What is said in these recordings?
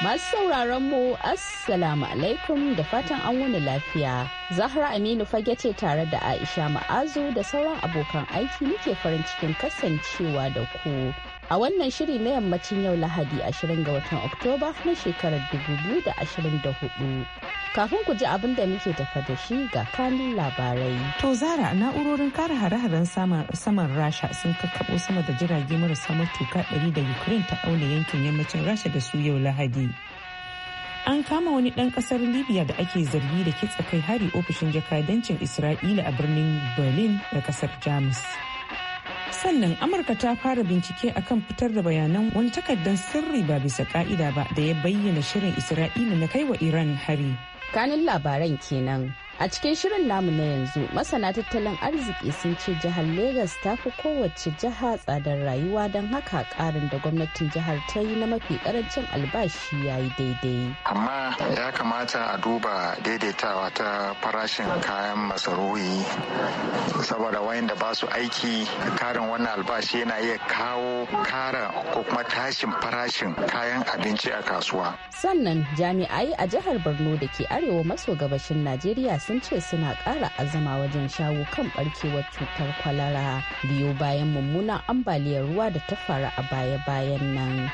Masu sauraron mu Assalamu alaikum da fatan an wani lafiya. Zahra Aminu fage ce tare da Aisha Ma'azu da sauran abokan aiki muke farin cikin kasancewa da ku. A wannan shiri na yammacin yau Lahadi 20 ga watan Oktoba na shekarar 2024. Kafin ku ji abin da muke tafa da shi ga kanun labarai. To Zara na'urorin kare hare-haren saman Rasha sun kakkaɓo sama da jirage marasa matuka 100 da Ukraine ta auna yankin yammacin Rasha da su yau Lahadi. an kama wani ɗan ƙasar libya da ake zargi da kitsa kai hari ofishin jakadancin isra'ila a birnin berlin da ƙasar jamus sannan amurka ta fara bincike akan fitar da bayanan wani takardar sirri ba bisa ka'ida ba da ya bayyana shirin isra'ila na kai wa iran hari kanin labaran kenan A cikin shirin namu na yanzu masana tattalin arziki sun ce jihar Legas ta fi kowace jiha tsadar rayuwa don haka karin da gwamnatin jihar ta yi na mafi karancin albashi ya yi daidai. Amma ya kamata a duba daidaitawa ta farashin kayan masarufi saboda wayan da ba su aiki karin wannan albashi yana iya kawo kara ko kuma tashin farashin kayan abinci a kasuwa. Sannan jami'ai a jihar Borno da ke arewa maso gabashin Najeriya sun ce suna ƙara azama wajen shawo kan barkewar cutar kwalara biyu bayan mummunan ambaliyar ruwa da ta faru a baya-bayan nan.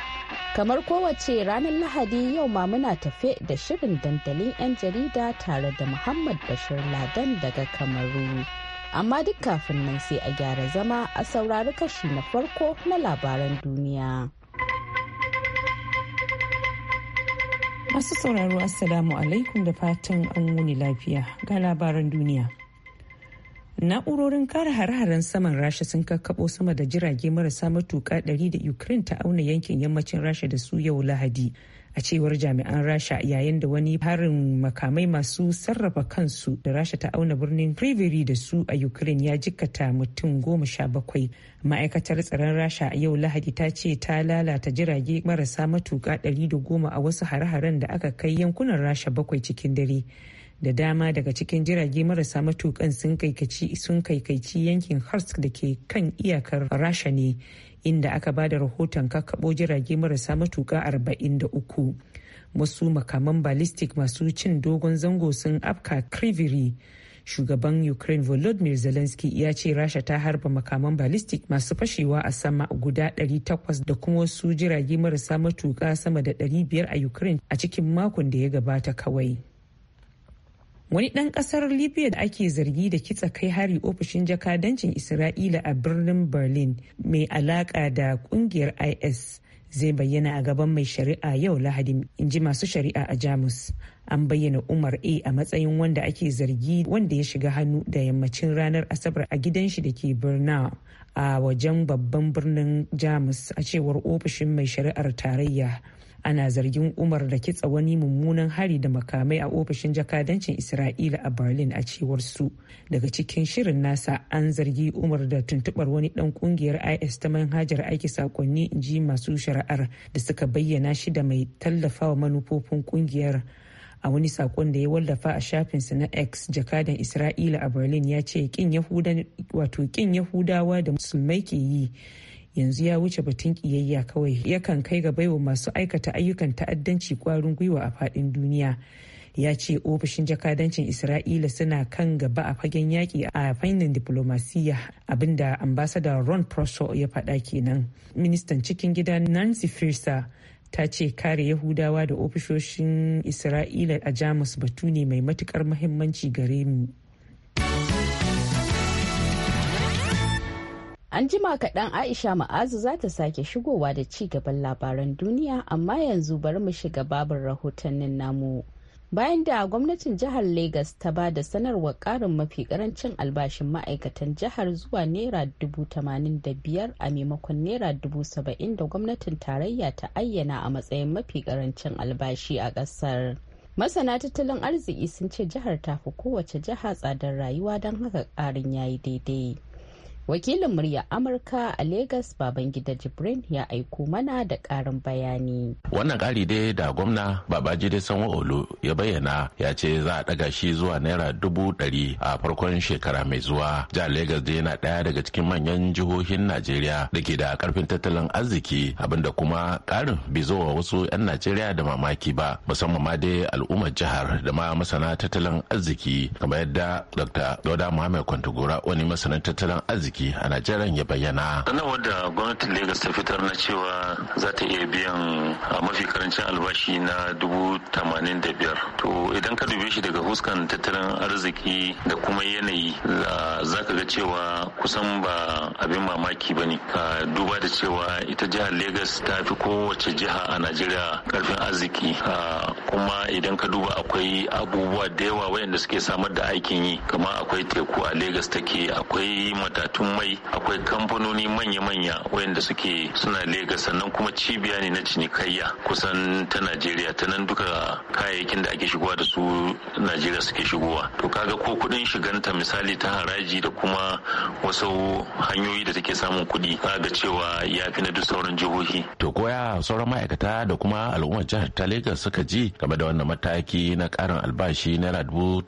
kamar kowace ranar lahadi yau ma muna tafe da shirin dandalin 'yan jarida tare da muhammad bashir ladan daga kamaru amma duk kafin nan sai a gyara zama a saurari kashi na farko na labaran duniya Masu sauraro Assalamu alaikum da fatan an wuni lafiya ga labaran duniya. Na'urorin kare hare-haren saman Rasha sun kakkaɓo sama da jirage marasa matuƙa 100 da Ukraine ta auna yankin yammacin Rasha da su yau Lahadi. a cewar jami'an rasha yayin da wani harin makamai masu sarrafa kansu da rasha ta auna birnin priviri da su a ukraine ya jikata mutum goma sha bakwai ma'aikatar tsaron rasha yau lahadi ta ce ta lalata jirage marasa matuka ɗari da goma a wasu hare-haren da aka kai yankunan rasha bakwai cikin dare da dama daga cikin jirage marasa matukan sun kaikaici sun kaikaici yankin harsk da ke kan iyakar rasha ne inda aka ba da rahoton kakkaɓo jirage marasa matuka 43 wasu makaman ballistic masu cin dogon zango sun afka kriviri shugaban ukraine volodymyr zelensky ya ce rasha ta harba makaman ballistic masu fashewa a sama guda 800 da kuma wasu jirage marasa matuka sama da 500 a ukraine a cikin makon da ya gabata kawai wani ɗan ƙasar libya da ake zargi da kitsa kai hari ofishin jakadancin isra'ila a birnin berlin mai alaƙa da ƙungiyar is zai bayyana a gaban mai shari'a yau lahadi in ji masu shari'a a jamus an bayyana umar a a matsayin wanda ake zargi wanda ya shiga hannu da yammacin ranar asabar a gidan shi da ke birna a wajen babban birnin jamus a cewar ofishin mai shari'ar tarayya ana zargin umar da kitsa wani mummunan hari da makamai a ofishin jakadancin isra'ila a berlin a cewar su daga cikin shirin nasa an zargi umar da tuntubar wani dan kungiyar is ta manhajar aiki sakonni inji masu shari'ar da suka bayyana shi da mai tallafawa manufofin kungiyar a wani sakon da ya wallafa a shafinsa na x jakadan isra'ila a berlin ya ce kin yahudawa da musulmai ke yi yanzu ya wuce batun kiyayya kawai yakan kai ga baiwa masu aikata ayyukan ta'addanci kwarin gwiwa a faɗin duniya ya ce ofishin jakadancin isra'ila suna kan gaba a fagen yaƙi a fannin diplomasiya abinda ambasada ron prosser ya faɗa kenan ministan cikin gida nancy firsa ta ce kare yahudawa da ofishoshin isra'ila a jamus batu ne mai matukar muhimmanci gare mu An jima kaɗan Aisha Ma'azu za ta sake shigowa da ci gaban labaran duniya amma yanzu bari mu shiga babin rahotannin namu. Bayan da gwamnatin jihar Legas ta ba da sanarwar ƙarin mafi ƙarancin albashin ma'aikatan jihar zuwa Naira dubu tamanin da biyar a maimakon Naira dubu saba'in da gwamnatin tarayya ta ayyana a matsayin mafi ƙarancin albashi a ƙasar. Masana tattalin arziki sun ce jihar ta fi kowace jiha tsadar rayuwa don haka ƙarin yayi daidai. wakilin murya amurka a lagos babangida jibrin ya aiko mana da karin bayani wannan kari dai da gwamna babajide sanwa olu ya bayyana ya ce za a daga shi zuwa naira dubu ɗari a farkon shekara mai zuwa jihar lagos dai yana ɗaya daga cikin manyan jihohin najeriya da ke da karfin tattalin arziki abinda kuma karin bai zo wasu 'yan najeriya da mamaki ba musamman ma dai al'ummar jihar da ma masana tattalin arziki kamar yadda dr dauda muhammad kwantagora wani masanin tattalin arziki ciki a najeriya ya bayyana sanarwar da gwamnatin lagos ta fitar na cewa za ta iya biyan a mafi karancin albashi na dubu tamanin da biyar to idan ka dube shi daga huskan tattalin arziki da kuma yanayi za ka ga cewa kusan ba abin mamaki ba ne ka duba da cewa ita jihar lagos ta fi kowace jiha a najeriya karfin arziki kuma idan ka duba akwai abubuwa da yawa wayanda suke samar da aikin yi kamar akwai teku a lagos take akwai matatun mai akwai kamfanoni manya-manya wayanda suke suna Legas sannan kuma cibiya ne na cinikayya kusan ta Najeriya ta nan duka kayayyakin da ake shigowa da su Najeriya suke shigowa. To kaga ko kudin shiganta misali ta haraji da kuma wasu hanyoyi da take samun kudi kaga cewa ya fi na duk sauran jihohi. To koya sauran ma'aikata da kuma al'ummar jihar ta Legas suka ji game da wannan mataki na karin albashi naira dubu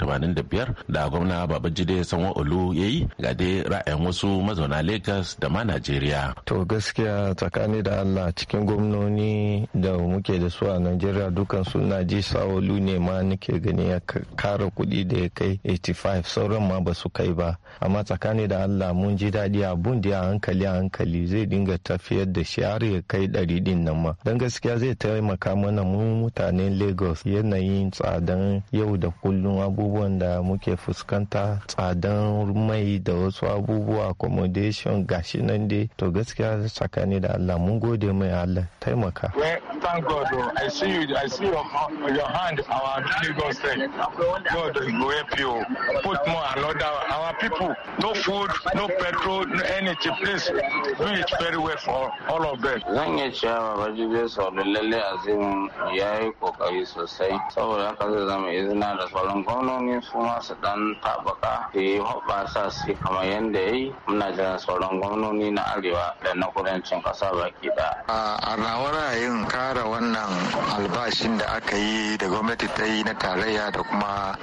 da gwamna Babajide sanwa olu ya yi ga dai ra'ayin wasu su mazauna Lagos da ma Najeriya. To gaskiya tsakani da Allah cikin gwamnoni da muke da su a Najeriya dukan su na ji sawolu ne ma nake gani ya kara kuɗi da ya kai 85 sauran ma ba su kai ba. Amma tsakani da Allah mun ji daɗi abun da hankali a hankali zai dinga tafiyar da shi har ya kai ɗari ɗin nan ma. Don gaskiya zai taimaka mana mu mutanen Lagos yanayin tsadan yau da kullum abubuwan da muke fuskanta tsadan mai da wasu abubuwa accommodation gashi nan dai to gaskiya tsakani da Allah mun gode mai Allah taimaka. Well, thank God oh, I see you I see your, your hand our Lagos state. God go help you put more another our people no food no petrol no energy please do it very well for all of them. Zan yi cewa Babajide Sadu lalle Azim ya yi kokari sosai saboda haka zai zama izina da sauran gwamnoni su ma dan tabaka da yi hoɓasa su kamar yadda ya yi muna jiran sauran gwamnoni na arewa da na kudancin kasa baki da. a rawar yin kara wannan albashin da aka yi da gwamnati ta yi na tarayya da kuma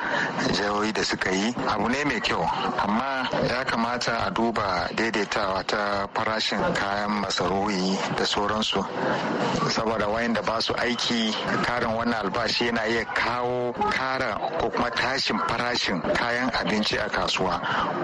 jihohi da suka yi abu ne mai kyau amma ya kamata a duba daidaitawa ta farashin kayan masarufi da sauransu saboda wayanda ba su aiki karin wannan albashi yana iya kawo kara ko kuma tashin farashin kayan abinci a kasuwa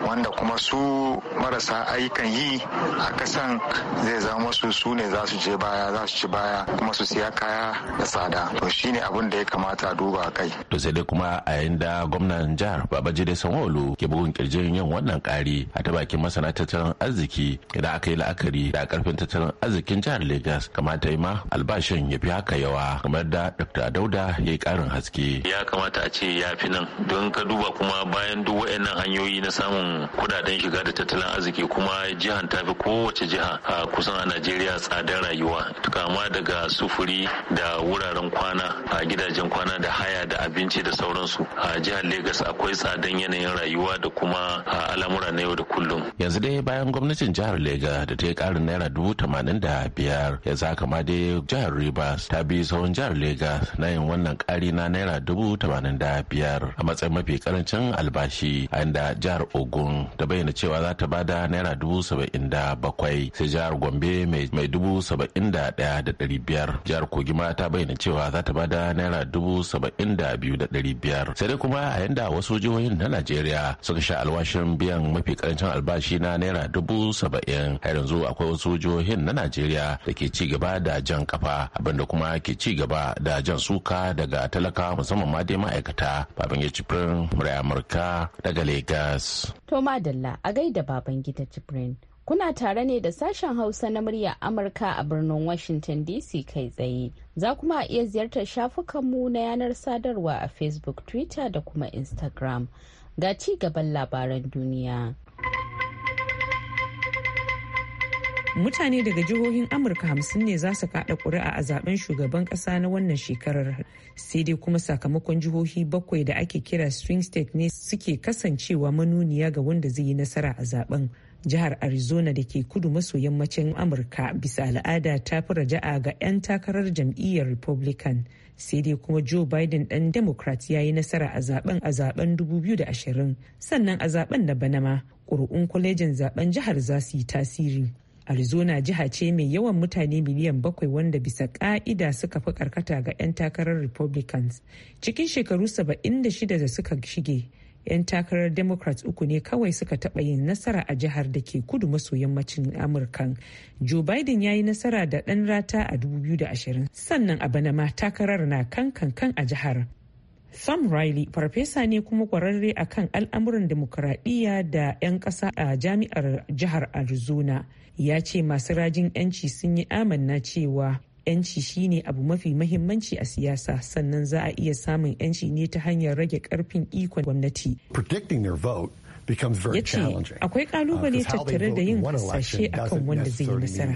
wanda kuma su marasa ayyukan yi a kasan zai zama su su ne za su je baya za su ci baya kuma su siya kaya da tsada to shine abin da ya kamata a duba kai to sai dai kuma a yayin da gwamnan jihar babajide sanwo-olu ke bugun kirjin yin wannan kari a ta bakin masana tattalin arziki idan aka yi la'akari da karfin tattalin arzikin jihar lagos kamata yi ma albashin ya fi haka yawa kamar da dr dauda ya yi karin haske ya kamata a ce ya fi nan don ka duba kuma bayan duk waɗannan hanyoyi na samun kudaden shiga da tattalin arziki kuma jihan ta fi kowace jiha a kusan a najeriya tsadar rayuwa kama daga sufuri da wuraren kwana a gidajen kwana da haya da abinci da sauransu a jihar Legas akwai tsadan yanayin rayuwa da kuma al'amura na yau da kullum yanzu dai bayan gwamnatin jihar Legas da ta yi karin naira dubu tamanin da biyar ya zaka ma dai jihar Rivers ta bi sauran jihar Legas na yin wannan kari na naira dubu tamanin da biyar a matsayin mafi karancin albashi a inda jihar Ogun da bayyana cewa za ta ba jigawa naira dubu saba'in da bakwai sai jihar gombe mai dubu saba'in da ɗaya da ɗari biyar jihar kogima ta bayyana cewa za ta bada naira dubu saba'in da biyu da ɗari biyar sai dai kuma a yanda wasu jihohin na najeriya suka sha alwashin biyan mafi karancin albashi na naira dubu saba'in har yanzu akwai wasu jihohin na najeriya da ke ci gaba da jan kafa abinda kuma ke ci gaba da jan suka daga talaka musamman ma dai ma'aikata babangida cifirin murai amurka daga lagos to madalla a gaida baba Babangida Jibrin. Kuna tare ne da sashen Hausa na murya Amurka a birnin Washington DC kai tsaye. Za kuma a iya ziyartar shafukanmu na yanar sadarwa a Facebook, Twitter da kuma Instagram. Ga ci gaban labaran duniya. mutane daga jihohin amurka hamsin ne za su kada kuri'a a zaben shugaban kasa na wannan shekarar sai dai kuma sakamakon jihohi bakwai da ake kira swing state ne suke kasancewa manuniya ga wanda zai yi nasara a zaben jihar arizona da ke kudu maso yammacin amurka bisa al'ada ta fi raja'a ga 'yan takarar jam'iyyar republican sai dai kuma joe biden dan democrat ya yi nasara a zaben a zaben 2020 sannan a zaben na banama ƙuri'un kwalejin zaben jihar za su yi tasiri arizona jiha ce mai yawan mutane miliyan bakwai wanda bisa ka'ida suka fi karkata ga 'yan takarar republicans cikin shekaru 76 da suka shige 'yan takarar democrats uku ne kawai suka taɓa yin nasara a jihar da ke kudu maso yammacin amurka joe biden ya yi nasara da ɗan rata a 2020 sannan a bana ma takarar na kan kan a jihar Sam Riley farfesa ne kuma kwararre kan al'amuran demokuraɗiyya da 'yan ƙasa a jami'ar jihar Arizona. ya ce masu rajin 'yanci sun yi amanna cewa 'yanci shine abu mafi mahimmanci a siyasa sannan za a iya samun 'yanci ne ta hanyar rage karfin ikon gwamnati. ya ce akwai kalubale uh, tattare da yin hasashe akan wanda zai yi nasara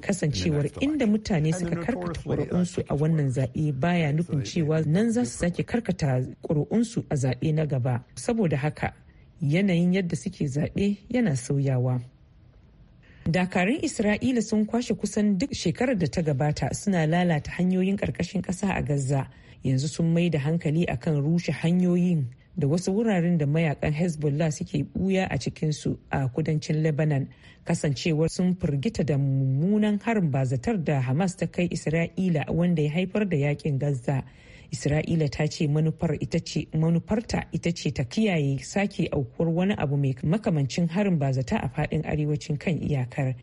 kasancewar inda mutane suka karkata ƙuri'unsu a wannan zaɓe baya nufin cewa nan za su sake karkata ƙuri'unsu a zaɓe na gaba saboda haka yanayin yadda suke zaɓe yana sauyawa dakarun isra'ila sun kwashe kusan duk shekarar da ta gabata suna lalata hanyoyin karkashin kasa a gaza yanzu sun mai da hankali akan rushe hanyoyin da wasu wuraren da mayakan hezbollah suke buya a cikinsu a kudancin lebanon kasancewar sun firgita da mummunan harin bazatar da hamas ta kai isra'ila wanda ya haifar da yakin gaza isra'ila ta ce manufarta ita ce ta kiyaye sake aukuwar wani abu mai makamancin harin bazata a fadin arewacin kan iyakar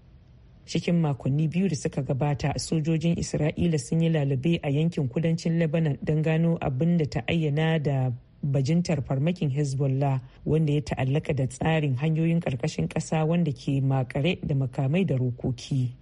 cikin makonni biyu da suka gabata sojojin isra'ila sun yi lalube a yankin kudancin lebanon don gano abin da ta ayyana da bajintar farmakin hezbollah wanda ya ta'allaka da tsarin hanyoyin ƙarƙashin ƙasa wanda ke makare da makamai da rokoki.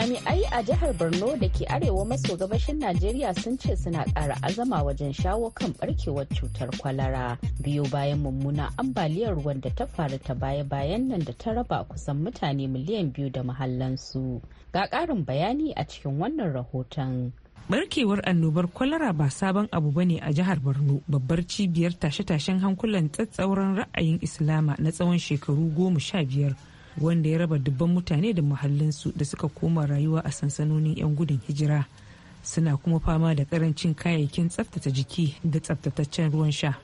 jami'ai a jihar borno da ke arewa maso gabashin najeriya sun ce suna ƙara azama wajen shawo kan barkewar cutar kwalara biyu bayan mummuna ambaliyar ruwan da ta faru ta baya-bayan nan da ta raba kusan mutane miliyan biyu da mahallansu ga ƙarin bayani a cikin wannan rahoton barkewar annobar kwalara ba sabon abu bane a jihar borno babbar cibiyar tashe-tashen hankulan tsatsauran ra'ayin islama na tsawon shekaru goma sha biyar wanda ya raba dubban mutane da muhallinsu da suka koma rayuwa a sansanonin 'yan gudun hijira suna kuma fama da karancin kayayyakin tsaftace jiki da tsaftataccen ruwan sha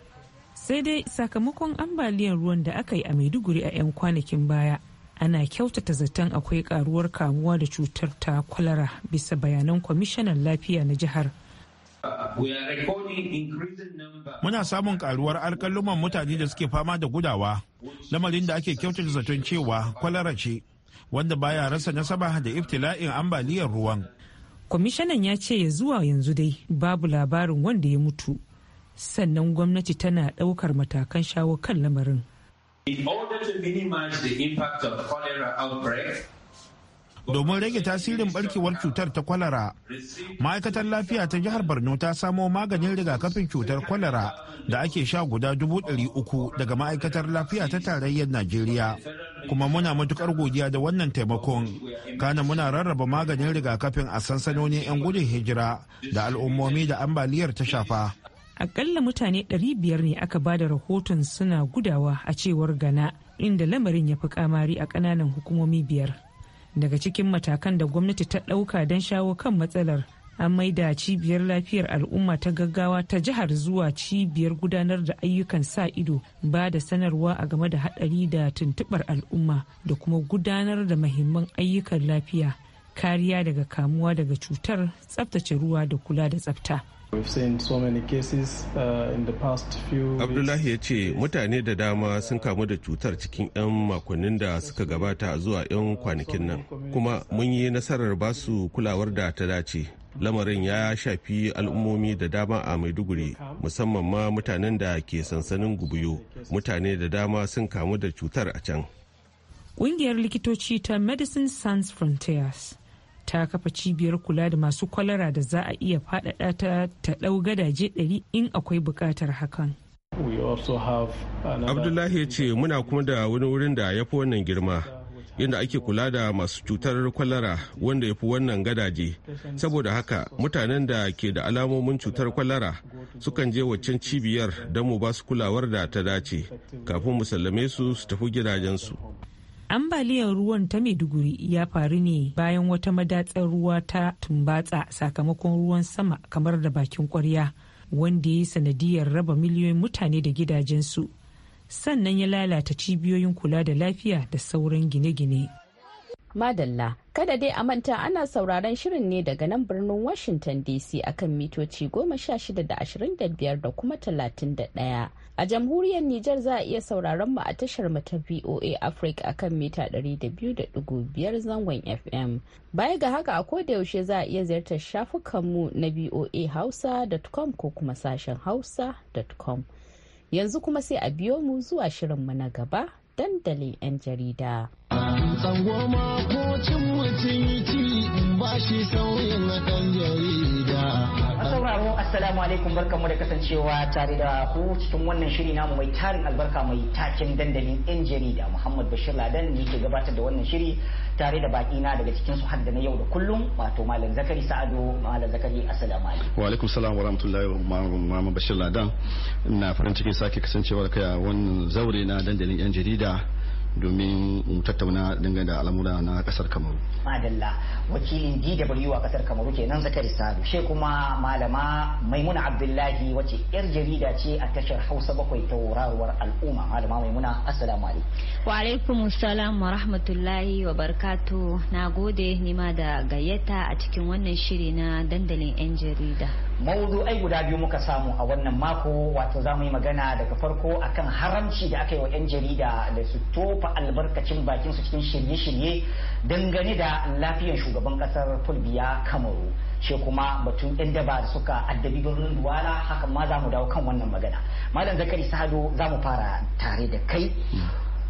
sai dai sakamakon ambaliyar ruwan da aka yi a maiduguri a 'yan kwanakin baya ana kyautata zaton akwai karuwar kamuwa da cutar ta kwalara bisa bayanan kwamishinan lafiya na jihar Muna samun karuwar alkaluman mutane da suke fama da gudawa, lamarin da ake kyautata zaton cewa kwalara ce, wanda baya rasa nasaba da iftila'in ambaliyar ruwan. Kwamishinan ya ce ya zuwa yanzu dai babu labarin wanda ya mutu, sannan gwamnati tana ɗaukar matakan shawo kan lamarin. In order to minimize the impact of cholera outbreak, domin rage tasirin barkewar cutar ta kwalara ma'aikatar lafiya ta jihar borno ta samo maganin rigakafin cutar kwalara da ake sha guda dubu ɗari uku daga ma'aikatar lafiya ta tarayyar najeriya kuma muna matukar godiya da wannan taimakon kana muna rarraba maganin rigakafin a sansanonin 'yan gudun hijira da al'ummomi da ambaliyar ta shafa akalla mutane 500 ne aka ba da rahoton suna gudawa a cewar gana inda lamarin ya fi kamari a ƙananan hukumomi biyar daga cikin matakan da gwamnati ta ɗauka don shawo kan matsalar an maida cibiyar lafiyar al'umma ta gaggawa ta jihar zuwa cibiyar gudanar da ayyukan sa ido ba da sanarwa a game da haɗari da tuntuɓar al'umma da kuma gudanar da mahimman ayyukan lafiya kariya daga kamuwa daga cutar tsabtace ruwa da kula da tsabta. Uh, Abdullahi ya ce mutane da dama sun kamu da cutar cikin 'yan makonnin da suka gabata zuwa 'yan kwanakin nan kuma mun yi nasarar basu kulawar da ta dace. Lamarin ya shafi al'ummomi da dama a Maiduguri musamman ma mutanen da ke sansanin gubiyo mutane da dama sun kamu da cutar a can. Ƙungiyar likitoci ta Medicine Sans Frontiers ta kafa cibiyar kula da masu kwalara da za a iya faɗaɗa ta ta ɗau gadaje 100 in akwai buƙatar hakan. Abdullahi ya ce muna kuma da wani wurin da ya fi wannan girma inda ake kula da masu cutar kwalara wanda ya fi wannan gadaje saboda haka mutanen da ke da alamomin cutar kwalara sukan je waccan cibiyar don mu ba su kulawar da ta dace kafin mu sallame su su tafi gidajensu. ambaliyar ruwan ta maiduguri ya faru ne bayan wata madatsar ruwa ta tumbatsa sakamakon ruwan sama kamar da bakin kwarya wanda ya yi sanadiyar raba miliyoyin mutane da gidajensu sannan ya lalata cibiyoyin kula da lafiya da sauran gine-gine madalla kada dai a manta ana sauraron shirin ne daga nan birnin washington dc akan mitoci 16 da 25 da kuma 31 A jamhuriyar Nijar za a iya sauraron mu a tashar mu ta VOA Africa a kan mita 200.5 zangon FM. Baya ga haka a da yaushe za a iya ziyartar shafukanmu na Hausa.com ko kuma sashen hausa.com. Yanzu kuma sai a biyo mu zuwa shirin mu na gaba dandalin 'yan jarida. Tsangwama ko cin mutum yi ba shi sauyin na ɗan jarida. sauraro assalamu alaikum barkamu da kasancewa tare da ku cikin wannan shiri namu mai tarin albarka mai takin dandalin yan jarida muhammad bashir ladan ne ke gabatar da wannan shiri tare da baki na daga cikin su har na yau da kullum wato malam zakari sa'ado malam zakari assalamu alaikum wa alaikum salam wa rahmatullahi wa bashir ladan ina farin cikin sake kasancewa da kai a wannan zaure na dandalin yan jarida domin mu tattauna dangane da al'amura na kasar kamaru madalla wakilin dw a kasar kamaru kenan zakari sadu she kuma malama maimuna abdullahi wace yar jarida ce a tashar hausa bakwai tauraruwar al'umma malama maimuna assalamu alaikum alaikum wa rahmatullahi wa barkatu na gode nima da gayyata a cikin wannan shiri na dandalin yan jarida ai guda biyu muka samu a wannan mako wato za mu yi magana daga farko akan haramci da aka yi wa 'yan jarida da su tofa albarkacin bakin su cikin shirye-shirye dangane da lafiyar shugaban kasar fulbiya kamaru ce kuma batun 'yan daba da suka addabi birnin duwala hakan ma za mu dawo kan wannan magana malam zakari sado za mu fara tare da kai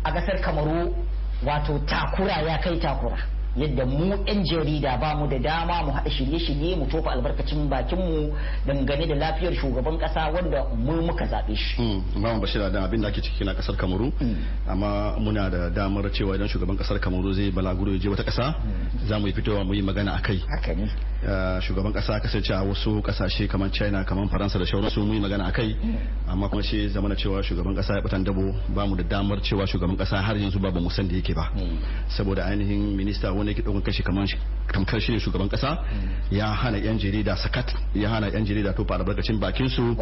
a kasar kamaru wato takura ya kai takura yadda mu 'yan jarida ba mu da dama mu haɗa shirye-shirye mu tofa albarkacin bakin mu dangane da lafiyar shugaban kasa wanda mu muka zaɓe shi. Hmm, Mamu Bashir Adam abin da ake ciki na kasar Kamaru hmm. amma muna da damar cewa idan shugaban ƙasar Kamaru zai balaguro ya je wata kasa hmm. za mu yi fitowa mu yi magana a kai. Eh, shugaban kasa kasance a wasu kasashe kamar china kamar faransa da shauransu mun yi magana a kai amma kuma shi zamana cewa shugaban kasa ya batan dabo ba mu da damar cewa shugaban kasa har yanzu ba musan san da yake ba hmm. saboda ainihin minista wani yake dogon kashi kamar tamkar shi ne shugaban kasa hmm. ya hana yan jarida sakat ya hana yan jarida fara barkacin bakin su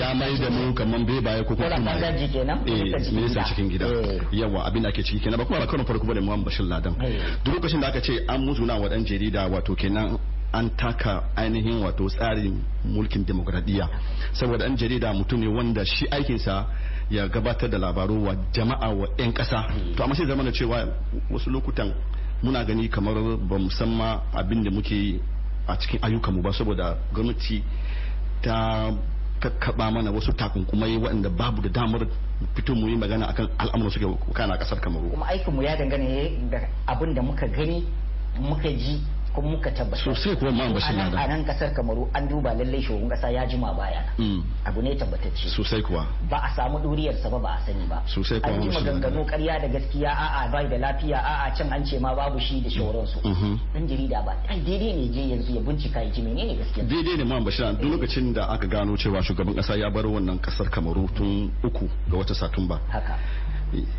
ya mai da mu kamar bai baya ko kuma eh minista cikin gida eh. yawa abin da ake ciki kenan ba kuma ba karon farko bane Muhammad Bashir Ladan eh. duk lokacin da aka ce an musuna wa dan jarida wato kenan an taka ainihin wato tsarin mulkin demokradiyya saboda an jarida mutum ne wanda shi aikinsa ya gabatar da labaru wa jama'a wa 'yan kasa to amma sai zamana cewa wasu lokutan muna gani kamar ba musamman abin da muke a cikin ayyukanmu ba saboda gwamnati ta kakkaba mana wasu takunkumai waɗanda babu da damar fito mu yi magana akan al'amuran suke kana kasar kamaru kuma aikinmu ya dangane da abin da muka gani muka ji kuma muka tabbata sosai kuma ma bashin a nan kasar kamaru an duba lallai shugaban kasa ya jima baya mm. abu ne tabbatacce sosai kuwa ba a samu duriyar sa ba ba a sani ba sosai kuwa an ji maganganu ƙarya da gaskiya a bai da lafiya a can an ce ma babu shi da shauransu dan mm. mm-hmm. jarida ba ai daidai ne je yanzu ya bincika ya ji menene gaskiya daidai ne ma bashin duk eh. lokacin da aka gano cewa shugaban kasa ya bar wannan kasar kamaru tun uku ga wata satumba haka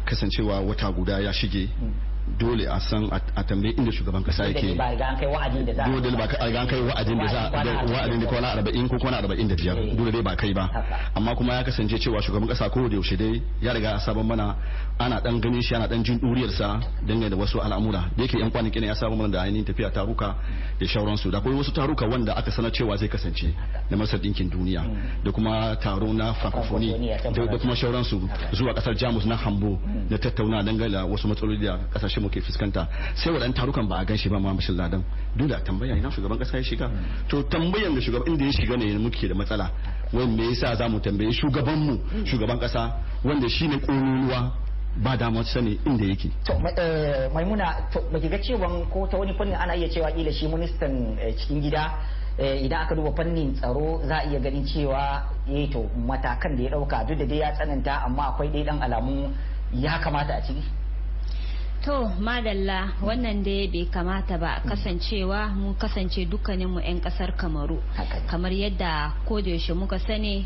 kasancewa wata guda ya shige mm. dole a san a tambayi inda shugaban kasa yake ba kai wa'adin da za a dole ba ga an kai wa'adin da za a wa'adin da kwana 40 ko kwana 45 eh. dole dai ba kai ba amma kuma ya kasance cewa shugaban kasa ko da yaushe dai ya riga a saban mana ana dan ganin shi ana dan jin duriyarsa dangane da wasu al'amura da yake yan kwanaki ne ya saba mana da ainihin tafiya taruka da shauransu da akwai wasu taruka wanda aka sanar cewa zai kasance na masar dinkin duniya da kuma taro na francophonie da kuma shauransu zuwa kasar jamus na hambo na tattauna dangane da wasu matsaloli da kasashen mu ke fuskanta sai wadannan tarukan ba a gan shi ba ma mashin ladan dole a tambaya ina shugaban kasa ya shiga to tambayan da shugaban inda ya shiga ne muke da matsala wanda yasa za mu tambaye shugabanmu shugaban kasa wanda shine ƙoruruwa ba damar sani inda yake. To eh, maimuna to muke ga cewa ko ta wani fannin ana iya cewa kila shi ministan eh, cikin gida eh, idan aka duba fannin tsaro za a iya ganin cewa eh to matakan da ya dauka duk da dai ya tsananta amma akwai dai dan alamu ya kamata a ciki. To madalla wannan dai bai kamata ba kasancewa mu kasance dukkaninmu 'yan kasar kamaru kamar yadda yaushe muka sani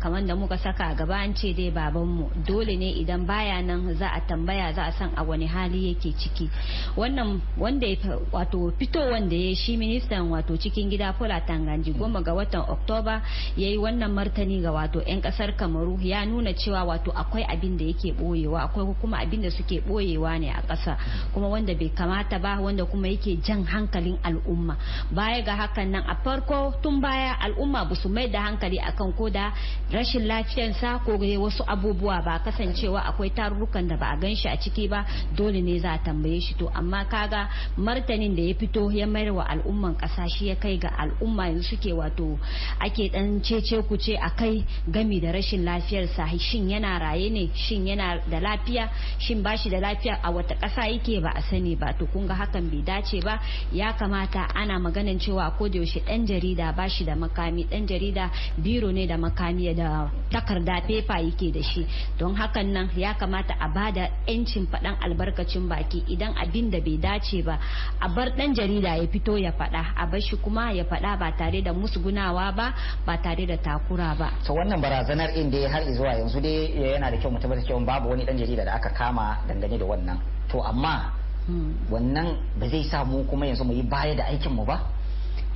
kamar da muka saka a gaba an ce dai babanmu dole ne idan baya nan za a tambaya za a san a wani hali yake ciki wannan wanda ya wato fito wanda ya shi ministan wato cikin gida fula tanganji goma ga watan oktoba ya yi wannan martani ga wato 'yan kasar kamaru ya nuna cewa wato akwai abin da yake boyewa akwai kuma abin da suke boyewa ne a ƙasa kuma wanda bai kamata ba wanda kuma yake jan hankalin al'umma baya ga hakan nan a farko tun baya al'umma ba su mai da hankali akan koda rashin sa ko wasu abubuwa ba kasancewa akwai tarurrukan da ba a gan shi a ciki ba dole ne za a tambaye shi to amma kaga martanin da ya fito ya mayar wa al'umman kasa shi ya kai ga al'umma yanzu suke wato ake dan cece kuce a kai gami da rashin lafiyarsa shin yana raye ne shin yana da lafiya shin shi da lafiya a wata kasa yake ba a sani ba to kun ga hakan bai dace ba ya kamata ana maganan cewa ko da yaushe dan jarida ba shi da makami dan jarida biro ne da makami da takarda fefa yake da shi don hakan nan ya kamata a bada yancin faɗan albarkacin baki idan abin da bai dace ba a bar ɗan jarida ya fito ya faɗa a bar shi kuma ya faɗa ba tare da musgunawa ba ba tare da takura ba to wannan barazanar in dai har zuwa yanzu dai yana da kyau mu tabbatar cewa babu wani ɗan jarida da aka kama dangane da wannan to amma hmm. wannan ba zai sa mu kuma yanzu mu yi baya da aikinmu ba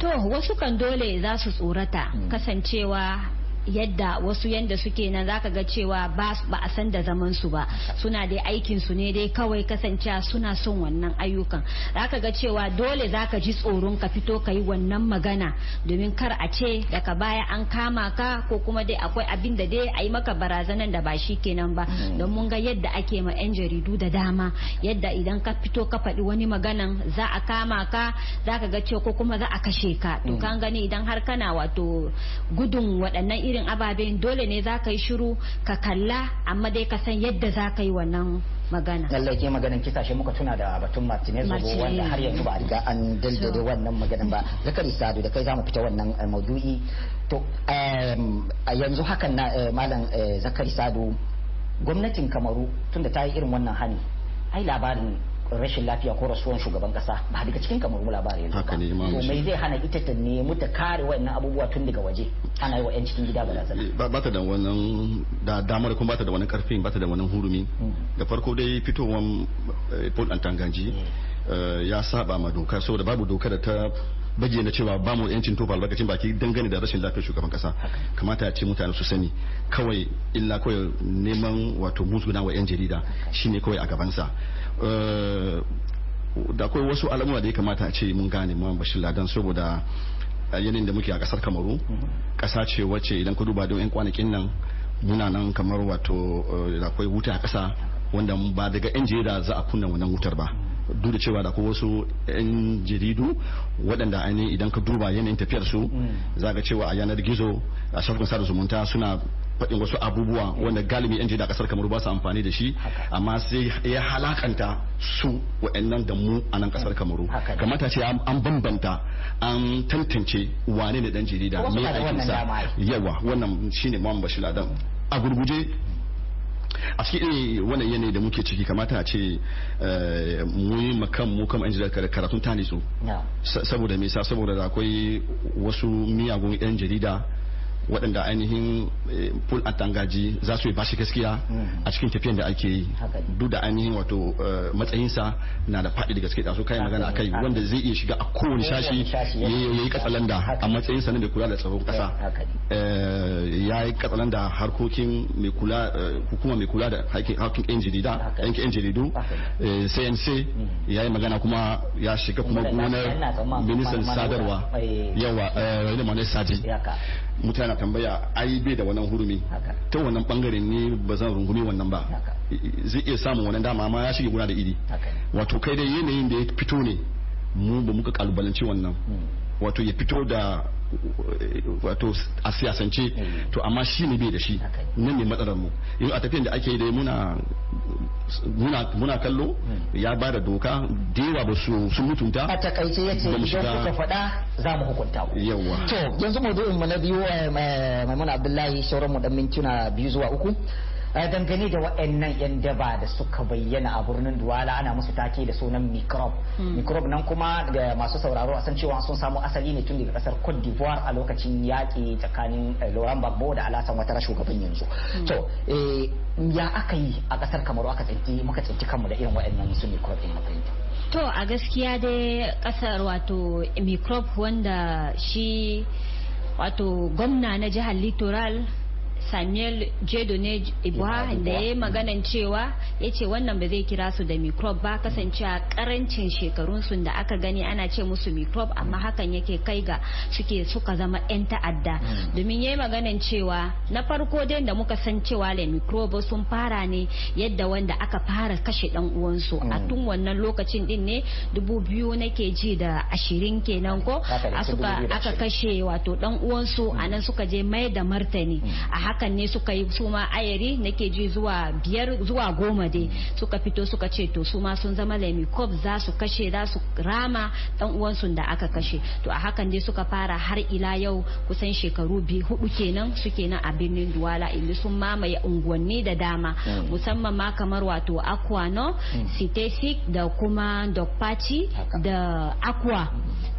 To wasu kan dole za su tsorata hmm. kasancewa yadda wasu yadda suke nan zaka ga cewa ba ba a san da zaman su ba suna dai aikin su ne dai kawai kasancewa suna son wannan ayyukan zaka ga cewa dole zaka ji tsoron ka fito ka yi wannan magana domin kar a ce daga baya an kama ka ko kuma dai akwai abin da dai a yi maka barazanan da ba shi kenan ba mm. don mun ga yadda ake ma yan jaridu da dama yadda idan ka fito ka faɗi wani maganan za a kama ka zaka ga cewa ko kuma za a kashe ka to mm. kan gani idan har kana wato gudun waɗannan irin ababen dole ne za ka yi shiru ka kalla amma dai ka san yadda za ka yi wannan magana. Lallai ke maganin kisa shi muka tuna da batun Martinez Zobo wanda har yanzu ba a riga an daidai wannan maganin ba. Zakari Sadu da kai za mu fita wannan eh, maudu'i. To yanzu hakan na eh, malam eh, Zakari Sadu gwamnatin Kamaru tunda ta yi irin wannan hani ai labarin rashin lafiya ko rasuwan shugaban kasa ba daga cikin kamaru labari yanzu haka to mai zai hana ita ta nemi ta kare wayannan abubuwa tun daga waje ana yi wa yan cikin gida barazana eh, ba ta da wannan da damar kuma ba ta da wannan karfin ba ta da wannan hurumi mm. da farko dai fitowan eh, Paul Antanganji mm. eh, ya saba ma doka saboda babu doka da ta bayyana cewa ba mu yancin tofa albarkacin baki dangane da rashin lafiyar shugaban kasa kamata ya ce mutane su sani kawai illa kawai neman wato musguna wa yan jarida shine kawai a gabansa Eh, da akwai wasu al'amura da ya kamata a ce mun gane mu bashir ladan saboda yanayin da muke a kasar kamaru kasa mm-hmm. ce wacce idan ka duba don yan kwanakin nan muna nan kamar wato da eh, akwai wuta a kasa wanda ba daga yan jarida za a kunna wannan wutar ba duk da cewa da akwai wasu 'yan jaridu waɗanda ainihin idan ka duba yanayin tafiyar su mm. za ga cewa a yanar gizo a shafukan sada zumunta suna faɗin wasu abubuwa wanda galibi yan jarida kasar kamar ba su amfani da shi amma sai ya halakanta su wa'annan da mu a nan kasar kamaru kamata ce an bambanta an tantance wane ne dan jarida mai aikinsa yawa wannan shine muhammad shi ladan a gurguje a cikin wannan yanayi da muke ciki kamata a ce eh, mu yi mu kama jarida karatun ta nitsu saboda me yasa saboda akwai wasu miyagun yan jarida waɗanda ainihin pul eh, a tangaji za su yi bashi gaskiya mm. a cikin tafiyan da ake yi duk da ainihin wato eh, matsayinsa na da faɗi da gaske da su kai magana a kai wanda zai iya shiga a kowane shashi ya yi katsalanda a matsayinsa na mai kula da tsaron ƙasa eh, ya yi katsalanda harkokin mai hukuma mai kula da harkokin yan jarida yan jaridu cnc mm. ya yi magana kuma ya shiga kuma gonar ministan sadarwa yawa rayuwa manar sadi mutane tambaya ai bai da wannan hurumi ta wannan bangaren ne ba zan rungumi wannan ba zai iya samun wannan dama ma ya shige guna da iri wato kai da yanayin da ya fito ne mu ba muka kalubalanci wannan hmm. wato ya fito da wato a siyasance to amma shi ne bai da shi nan ne matsalar mu yau a tafiyan da ake dai muna muna kallo hmm. ya ba da doka da yawa ba su sun mutunta a takaice yace idan suka faɗa za mu hukunta yawa to yanzu mu mu na biyu eh, eh, maimuna abdullahi shawarar mu dan mintuna biyu zuwa uku dangane da waɗannan 'yan daba da suka bayyana a birnin duwala ana musu take da sunan microbe hmm. microbe nan kuma da masu sauraro a san cewa sun samu asali ne tun daga kasar cote d'ivoire a lokacin yaƙi tsakanin eh, laurent gbagbo da alasan watara shugaban yanzu hmm. to eh, ya aka yi a kasar kamaru aka tsinti muka tsinti kanmu da irin waɗannan su microbe ɗin a To a gaskiya dai kasar wato microbe wanda shi wato gwamna na jihar littoral samuel jedone Ibrahim da ya maganan cewa ya ce wannan ba zai kira su da microbe ba kasance a karancin shekarunsu da aka gani ana ce musu microbe amma hakan yake kai ga suke suka zama 'yan ta'adda hmm. domin ya yi maganan cewa na farko dai da muka san cewa le microbe sun fara ne yadda wanda aka fara kashe dan uwansu a hmm. tun wannan lokacin din ne dubu biyu nake ji da ashirin kenan ko aka kashe wato dan uwansu a nan suka je mai da martani hmm. hakan ne suka yi suma ma ayari nake ji zuwa biyar zuwa goma dai suka fito suka ce to su sun zama kof za su kashe za su rama dan uwansu da aka kashe to a hakan dai suka fara har ila yau kusan shekaru biyu hudu kenan suke nan a birnin duwala inda sun mamaye unguwanni da dama mm. musamman ma kamar wato aquano sitesik mm. da kuma dokpaci da aqua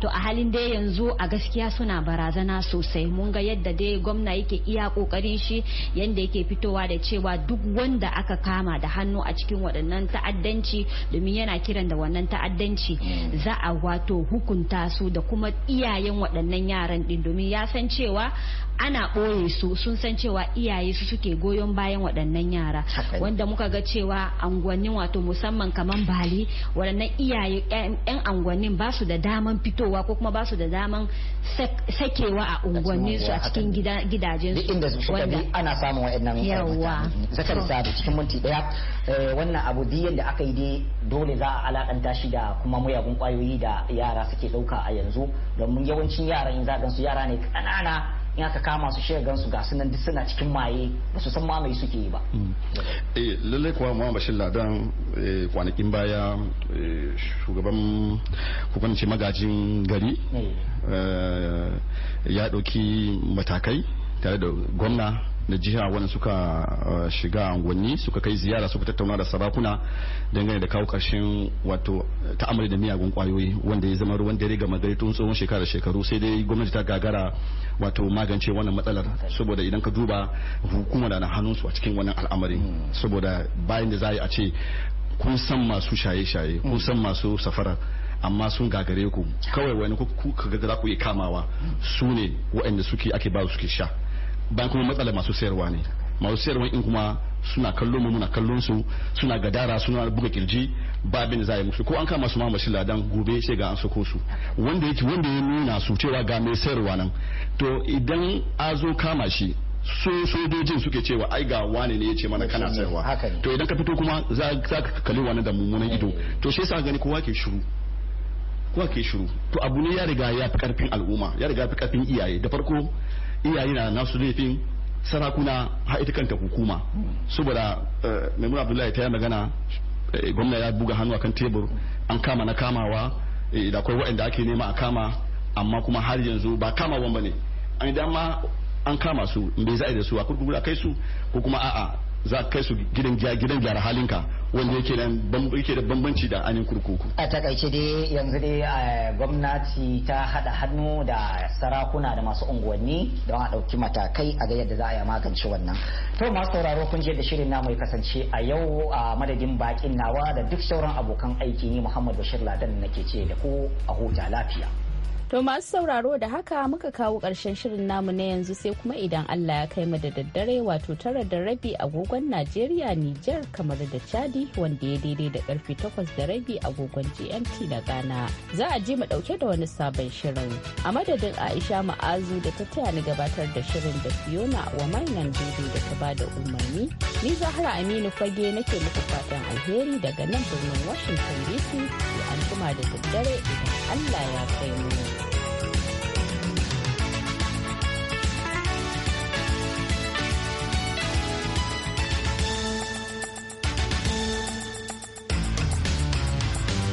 to a halin dai yanzu a gaskiya suna barazana sosai mun ga yadda dai gwamna yake iya kokarin shi yanda yake fitowa da cewa duk wanda aka kama da hannu a cikin waɗannan ta'addanci domin yana kiran da wannan ta'addanci mm. za a wato hukunta su da kuma iyayen waɗannan yaran ɗin domin ya san cewa ana ɓoye su sun san cewa iyaye su suke goyon bayan waɗannan yara wanda muka ga cewa angwannin wato musamman kamar bali waɗannan iyaye 'yan angwannin ba su da daman fitowa ko kuma ba su da daman sakewa a unguwannin su a cikin gidajen su inda suka bi ana samun waɗannan yawa saka da cikin minti daya eh, wannan abu biyan da aka yi dai dole za a alakanta shi da kuma muyagun kwayoyi da yara suke ɗauka a yanzu domin yawancin yaran za gansu yara ne ƙanana in aka kama su shi gansu ga sunan duk suna cikin maye ba su san ma mai suke yi ba eh lalle kuwa mu bashin ladan eh, kwanakin baya eh, shugaban hukunci magajin gari eh. ya ɗauki matakai tare da gwamna Da jiha wani suka uh, shiga angonni suka kai ziyara suka tattauna da sarakuna dangane da kawo karshen wato ta'amali da miyagun kwayoyi wanda ya zama ruwan dare ga gari tun tsohon shekara shekaru sai dai gwamnati ta gagara wato magance wannan matsalar saboda idan ka duba hukuma da na hannunsu a cikin wannan al'amarin hmm. saboda bayan da za a ce kun san masu shaye-shaye kun hmm. san masu safara amma sun gagare ku kawai wani kuka za ku iya kamawa hmm. su ne waɗanda suke ake ba su suke sha bayan kuma matsalar masu sayarwa ne masu sayarwa in kuma suna kallo mu muna kallon su suna gadara suna buga kirji ba da za yi musu ko an kama su ma mashi ladan gobe sai ga an soko su wanda yake wanda ya nuna su cewa ga mai sayarwa nan to idan a zo kama shi so sojojin suke cewa ai ga wani ne ya ce mana kana sayarwa to idan ka fito kuma za ka kalli wani da mummunan ido eh. to shi yasa gani kowa ke shiru kowa ke shiru to abu ne ya riga ya fi karfin al'umma ya riga ya fi karfin iyaye da farko iyaye na nasu laifin sarakuna ha ita kanta hukuma saboda eh, maimun abdullahi ta yi magana eh, gwamna ya buga hannu akan tebur an kama na kamawa eh, da akwai waɗanda ake nema a kama amma kuma har yanzu ba kama ba ne an dama an kama su in bai za'a da su a kurkuku a kai su ko kuma a'a za a kai su gidan gyara halinka wanda yake da bambanci da anin kurkuku a takaice dai yanzu dai gwamnati ta hada hannu da sarakuna da masu unguwanni don a dauki matakai a ga yadda za a yi magance wannan to masu sauraro kun je da shirin namu ya kasance a yau a madadin bakin nawa da duk sauran abokan aiki ni muhammad bashir ladan nake ce da ku a huta lafiya To masu sauraro da haka muka kawo ƙarshen shirin namu na yanzu sai kuma idan Allah ya kai mu da daddare wato tara da rabi agogon Najeriya Nijar kamar da Chadi wanda ya daidai da karfe takwas da rabi agogon GMT da Ghana. Za a ji mu ɗauke da wani sabon shirin. A madadin Aisha Ma'azu da ta taya ni gabatar da shirin da Fiona wa manyan dubu da ta bada umarni. Ni Zahra Aminu Fage nake muku fatan alheri daga nan birnin Washington DC. An kuma da daddare idan Allah ya kai mu.